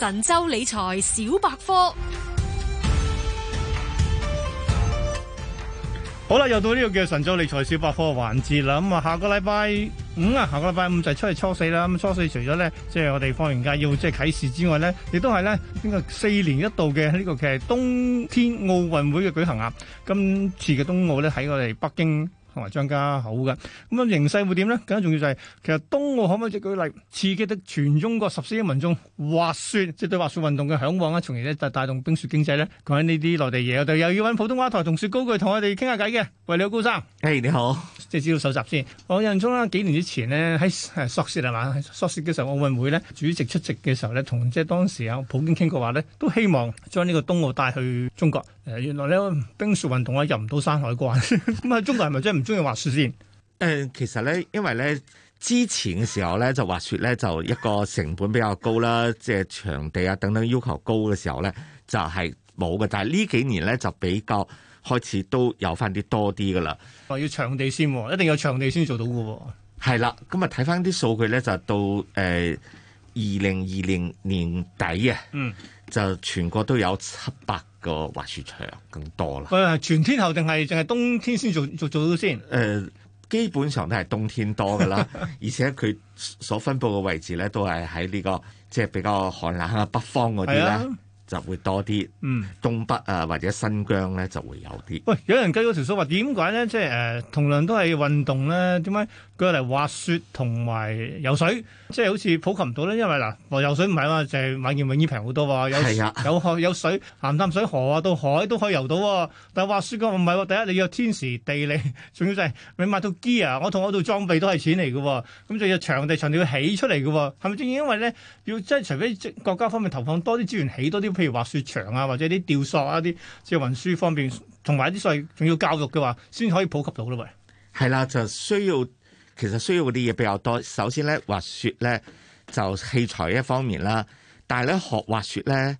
神州理財小百科。好啦，又到呢個叫神州理財小百科嘅環節啦。咁、嗯、啊，下個禮拜五啊，下個禮拜五就係出嚟初四啦。咁初四除咗咧，即、就、係、是、我哋放完假要即係啟市之外咧，亦都係咧，呢個四年一度嘅呢、這個嘅冬天奧運會嘅舉行啊。今次嘅冬奧咧喺我哋北京。同埋張家口嘅咁樣形勢會點呢？更加重要就係、是、其實冬奧可唔可以即舉例刺激得全中國十四億民眾滑雪，即、就、係、是、對滑雪運動嘅嚮往啊，從而呢就帶動冰雪經濟呢？講緊呢啲內地嘢，我哋又要揾普通話台同事高炬，佢同我哋傾下偈嘅。喂，你好，高生，hey, 你好，即係資料搜集先。我印象中啦，幾年之前呢，喺索契係嘛？索契嘅時候奧運會呢，主席出席嘅時候呢，同即係當時啊普京傾過話呢，都希望將呢個冬奧帶去中國。原來呢，冰雪運動咧入唔到山海關，咁 啊中國係咪真係唔～ 邊度滑雪先？誒，其實咧，因為咧之前嘅時候咧就滑雪咧就一個成本比較高啦，即 係場地啊等等要求高嘅時候咧就係冇嘅，但係呢幾年咧就比較開始都有翻啲多啲噶啦。話要場地先、哦，一定要場地先做到嘅、哦。係啦，咁啊睇翻啲數據咧就到誒。呃二零二零年底啊、嗯，就全國都有七百個滑雪場，更多啦。佢全天候定係淨係冬天先做做做到先？誒、呃，基本上都係冬天多噶啦， 而且佢所分布嘅位置咧，都係喺呢個即係比較寒冷嘅北方嗰啲咧，就會多啲。嗯，東北啊、呃、或者新疆咧就會有啲。喂，有人計咗條數話，點解咧？即係誒、呃，同樣都係運動咧，點解？佢嚟滑雪同埋游水，即係好似普及唔到咧，因為嗱，我游水唔係嘛，就係買件泳衣平好多喎。有有河有水，鹹淡水河啊，到海都可以游到。但係滑雪嘅唔係喎，第一你要天時地利，仲要就係你買套 gear，我同我套裝備都係錢嚟嘅。咁就要場地，場地要起出嚟嘅，係咪正？因為咧，要即係除非國家方面投放多啲資源，起多啲譬如滑雪場啊，或者啲吊索啊啲，即係運輸方面，同埋啲所以仲要教育嘅話，先可以普及到咯，喂，係啦，就需要。其實需要啲嘢比較多，首先咧滑雪咧就器材一方面啦，但係咧學滑雪咧，誒、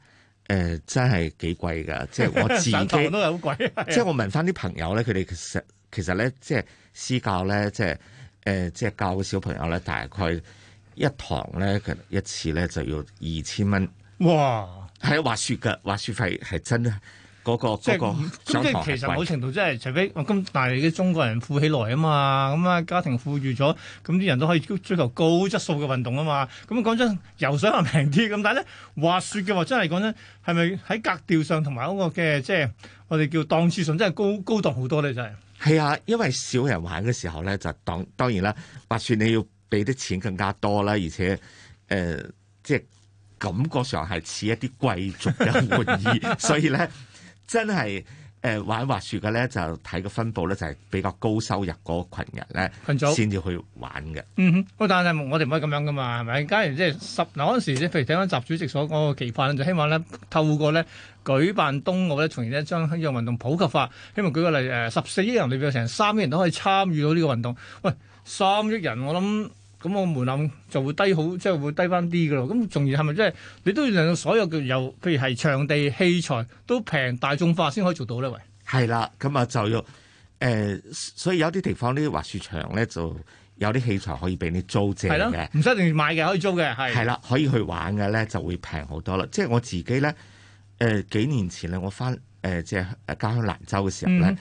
呃、真係幾貴噶， 即係我自己。都係好貴。即係我問翻啲朋友咧，佢哋其實其實咧即係私教咧，即係誒、呃、即係教小朋友咧，大概一堂咧佢一次咧就要二千蚊。哇！係滑雪噶滑雪費係真啊。嗰、那個即係、那個、其實某程度即、就、係、是，除非咁，但係啲中國人富起來啊嘛，咁啊家庭富裕咗，咁啲人都可以追求高質素嘅運動啊嘛。咁講真，游水係平啲，咁但係咧滑雪嘅話，真係講真，係咪喺格調上同埋嗰個嘅即係我哋叫檔次上真，真係高高檔好多咧？真係係啊，因為少人玩嘅時候咧，就當當然啦，滑雪你要俾啲錢更加多啦，而且誒、呃、即係感覺上係似一啲貴族嘅玩意， 所以咧。真係誒、呃、玩滑雪嘅咧，就睇個分佈咧，就係比較高收入嗰羣人咧，羣組先至去玩嘅。嗯哼，但係我哋唔可以咁樣噶嘛，係咪？假如即係十嗱嗰陣時，即係譬如睇翻習主席所講嘅期盼，就希望咧透過咧舉辦冬奧咧，從而咧將呢個運動普及化。希望舉個例誒、呃，十四億人裏邊有成三億人都可以參與到呢個運動。喂，三億人我諗。咁我門檻就會低好，即係會低翻啲噶咯。咁仲要係咪即係你都要令到所有嘅由，譬如係場地器材都平、大眾化先可以做到咧？喂，係啦，咁啊就要誒、呃，所以有啲地方呢啲滑雪場咧，就有啲器材可以俾你租借嘅，唔使一定要買嘅，可以租嘅，係。係啦，可以去玩嘅咧就會平好多啦。即係我自己咧，誒、呃、幾年前咧，我翻誒即係誒家鄉蘭州嘅時候咧。嗯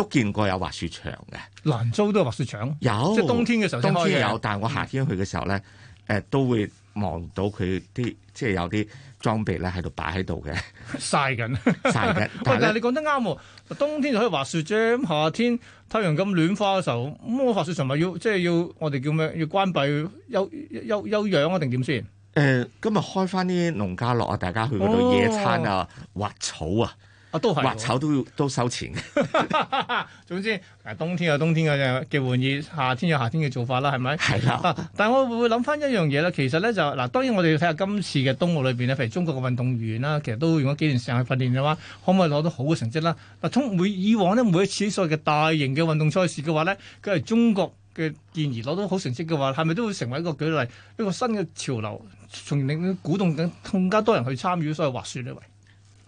都見過有滑雪場嘅，蘭州都有滑雪場，有即係冬天嘅時候先開，有，但係我夏天去嘅時候咧，誒、嗯呃、都會望到佢啲即係有啲裝備咧喺度擺喺度嘅，曬緊曬緊。 但係你講得啱喎、哦， 冬天就可以滑雪啫。咁夏天太陽咁暖化嘅時候，咁我滑雪場咪要即係要我哋叫咩？要關閉休休休養啊？定點先？誒、呃，今日開翻啲農家樂啊，大家去嗰度野餐啊、哦，滑草啊！啊，都係滑草都要都收錢。 總之，誒冬天有冬天嘅嘅玩意，夏天有夏天嘅做法啦，係咪？係啦、啊。但係我會會諗翻一樣嘢咧，其實咧就嗱，當然我哋要睇下今次嘅冬奧裏邊咧，譬如中國嘅運動員啦，其實都用咗幾段時間去訓練嘅話，可唔可以攞到好嘅成績啦？嗱，通每以往呢，每一次所謂嘅大型嘅運動賽事嘅話呢，佢係中國嘅健兒攞到好成績嘅話，係咪都會成為一個舉例，一個新嘅潮流，從令鼓動緊更加多人去參與所謂滑雪呢位？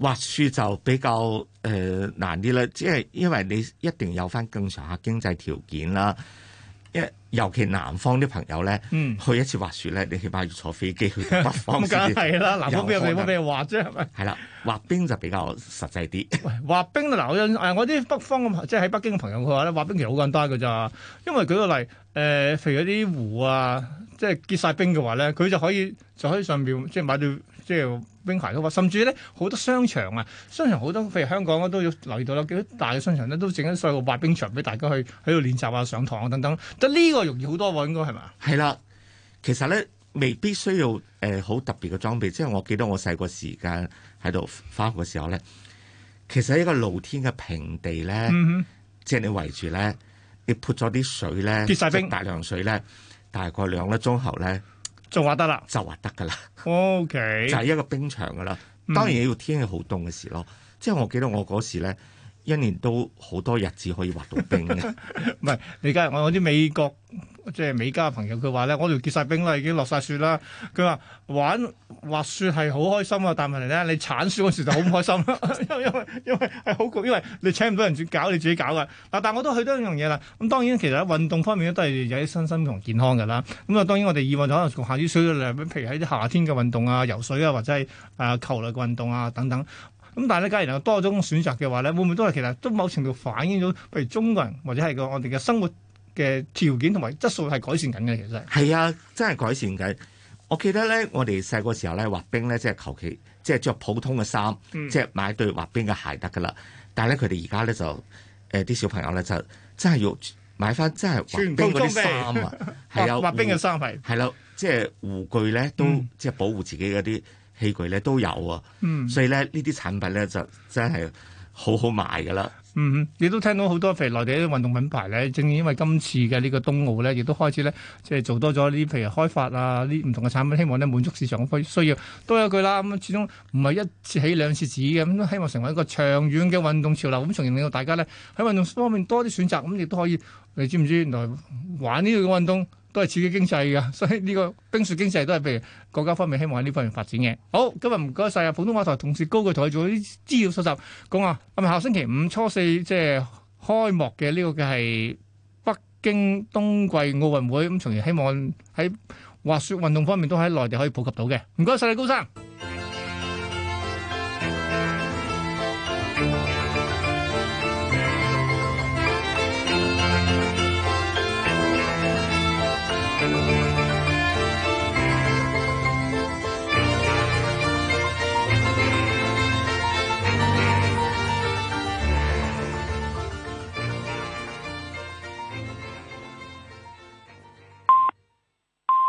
滑雪就比較誒、呃、難啲咧，即係因為你一定要有翻更常下經濟條件啦。一尤其南方啲朋友咧、嗯，去一次滑雪咧，你起碼要坐飛機去北方先、嗯。咁梗係啦，南方邊有地方俾你滑啫？係咪？係啦，滑冰就比較實際啲。滑冰嗱，我有誒我啲北方嘅即係喺北京嘅朋友嘅話咧，滑冰其實好簡單㗎咋。因為舉個例，誒、呃、譬如有啲湖啊，即、就、係、是、結晒冰嘅話咧，佢就可以就喺上邊即係買到即係，就是冰鞋都話，甚至咧好多商場啊，商場好多，譬如香港咧都要留意到啦，幾多大嘅商場咧都整緊細個滑冰場俾大家去喺度練習啊、上堂啊等等，但呢個容易好多喎，應該係嘛？係啦，其實咧未必需要誒好、呃、特別嘅裝備，即係我記得我細個時間喺度翻學嘅時候咧，其實喺一個露天嘅平地咧，即、嗯、係、就是、你圍住咧，你潑咗啲水咧，結曬冰，大、就、涼、是、水咧，大概兩粒鐘後咧。就話得啦，就話得噶啦，就係、OK、一個冰場噶啦。當然要天氣好凍嘅時咯、嗯，即係我記得我嗰時咧。一年都好多日子可以滑到冰嘅， 唔係你家係我啲美國即係、就是、美加嘅朋友，佢話咧，我度結晒冰啦，已經落晒雪啦。佢話玩滑雪係好開心啊，但係你呢，咧，你鏟雪嗰時就好唔開心啦， 因為因為因為係好焗，因為你請唔到人搞，要搞你自己搞嘅。嗱，但我都去多一樣嘢啦。咁當然其實運運動方面都係有啲身心同健康㗎啦。咁啊當然我哋以往就可能局限於水嘅譬如喺啲夏天嘅運動啊、游水啊，或者係誒、呃、球類運動啊等等。咁但係咧，假如能夠多咗種選擇嘅話咧，會唔會都係其實都某程度反映咗譬如中國人或者係個我哋嘅生活嘅條件同埋質素係改善緊嘅，其實係啊，真係改善緊。我記得咧，我哋細個時候咧滑冰咧，即係求其，即係着普通嘅衫，即、嗯、係、就是、買對滑冰嘅鞋得噶啦。但係咧，佢哋而家咧就誒，啲、呃、小朋友咧就真係要買翻真係滑冰嗰啲衫啊，係啊滑冰嘅衫係係咯，即係護具咧、嗯、都即係保護自己嗰啲。器具咧都有啊，所以咧呢啲產品咧就真係好好賣㗎喇。嗯，你都聽到好多譬如內地啲運動品牌咧，正因為今次嘅呢個冬奧咧，亦都開始咧即係做多咗呢啲譬如開發啊，啲唔同嘅產品，希望咧滿足市場嘅需需要。都有一句啦，咁始終唔係一次起兩次止嘅，咁都希望成為一個長遠嘅運動潮流，咁從而令到大家咧喺運動方面多啲選擇，咁亦都可以。你知唔知原來玩呢個運動？都係刺激經濟嘅，所以呢個冰雪經濟都係譬如國家方面希望喺呢方面發展嘅。好，今日唔該晒啊！普通話台同事高炬台做啲資料收集，講啊，咁啊，下星期五初四即係開幕嘅呢個嘅係北京冬季奧運會，咁從而希望喺滑雪運動方面都喺內地可以普及到嘅。唔該晒，你高生。